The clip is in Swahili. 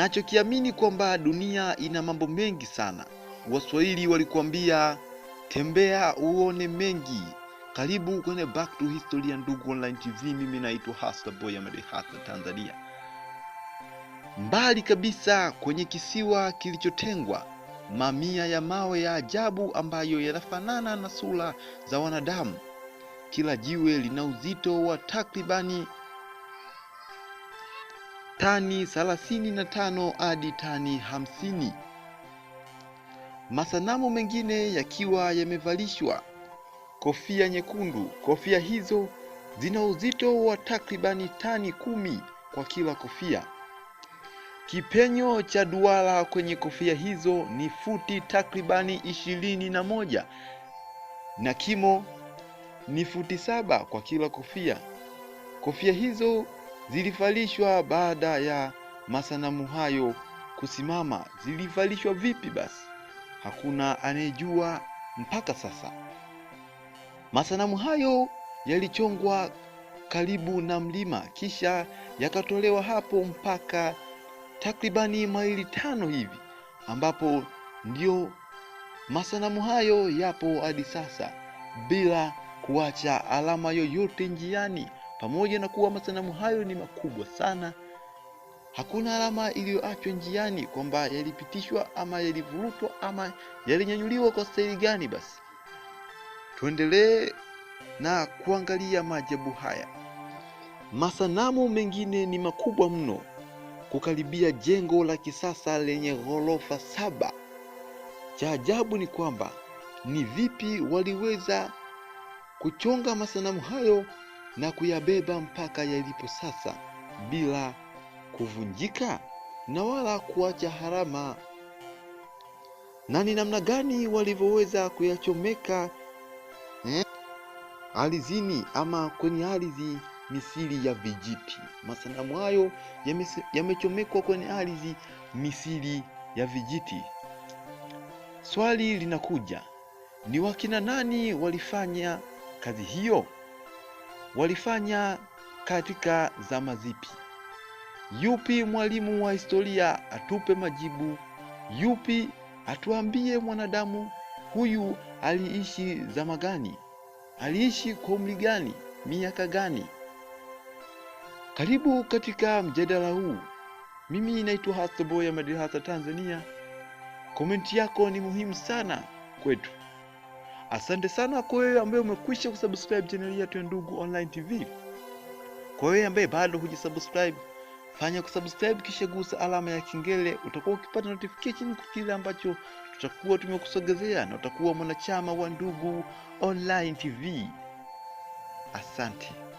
nachokiamini kwamba dunia ina mambo mengi sana. Waswahili walikuambia tembea uone mengi. Karibu kwenye Back to History ya Ndugu Online TV. Mimi naitwa Hasta Boy Ahmed Hasta, Tanzania. Mbali kabisa kwenye kisiwa kilichotengwa, mamia ya mawe ya ajabu ambayo yanafanana na sura za wanadamu. Kila jiwe lina uzito wa takribani tani 35 hadi tani 50, masanamu mengine yakiwa yamevalishwa kofia nyekundu. Kofia hizo zina uzito wa takribani tani kumi kwa kila kofia. Kipenyo cha duara kwenye kofia hizo ni futi takribani ishirini na moja na kimo ni futi saba kwa kila kofia. Kofia hizo zilifalishwa baada ya masanamu hayo kusimama. Zilifalishwa vipi basi? Hakuna anayejua mpaka sasa. Masanamu hayo yalichongwa karibu na mlima, kisha yakatolewa hapo mpaka takribani maili tano hivi, ambapo ndio masanamu hayo yapo hadi sasa bila kuacha alama yoyote njiani. Pamoja na kuwa masanamu hayo ni makubwa sana, hakuna alama iliyoachwa njiani kwamba yalipitishwa ama yalivurutwa ama yalinyanyuliwa kwa staili gani. Basi tuendelee na kuangalia maajabu haya. Masanamu mengine ni makubwa mno, kukaribia jengo la kisasa lenye ghorofa saba. Cha ajabu ni kwamba ni vipi waliweza kuchonga masanamu hayo na kuyabeba mpaka yalipo sasa bila kuvunjika na wala kuacha harama. Na ni namna gani walivyoweza kuyachomeka eh, alizini ama kwenye ardhi misili ya vijiti. Masanamu hayo yamechomekwa kwenye ardhi misili ya vijiti. Swali linakuja, ni wakina nani walifanya kazi hiyo? walifanya katika zama zipi? Yupi mwalimu wa historia atupe majibu? Yupi atuambie mwanadamu huyu aliishi zama gani? Aliishi kwa umri gani? Miaka gani? Karibu katika mjadala huu. Mimi naitwa Hassan ya Madrasa Tanzania. Komenti yako ni muhimu sana kwetu. Asante sana kwa wewe ambaye umekwisha kusubscribe channel yetu ya Ndugu Online TV. Kwa wewe ambaye bado hujisubscribe, fanya kusubscribe kisha gusa alama ya kengele, utakuwa ukipata notification kwa kile ambacho tutakuwa tumekusogezea na utakuwa mwanachama wa Ndugu Online TV. Asante.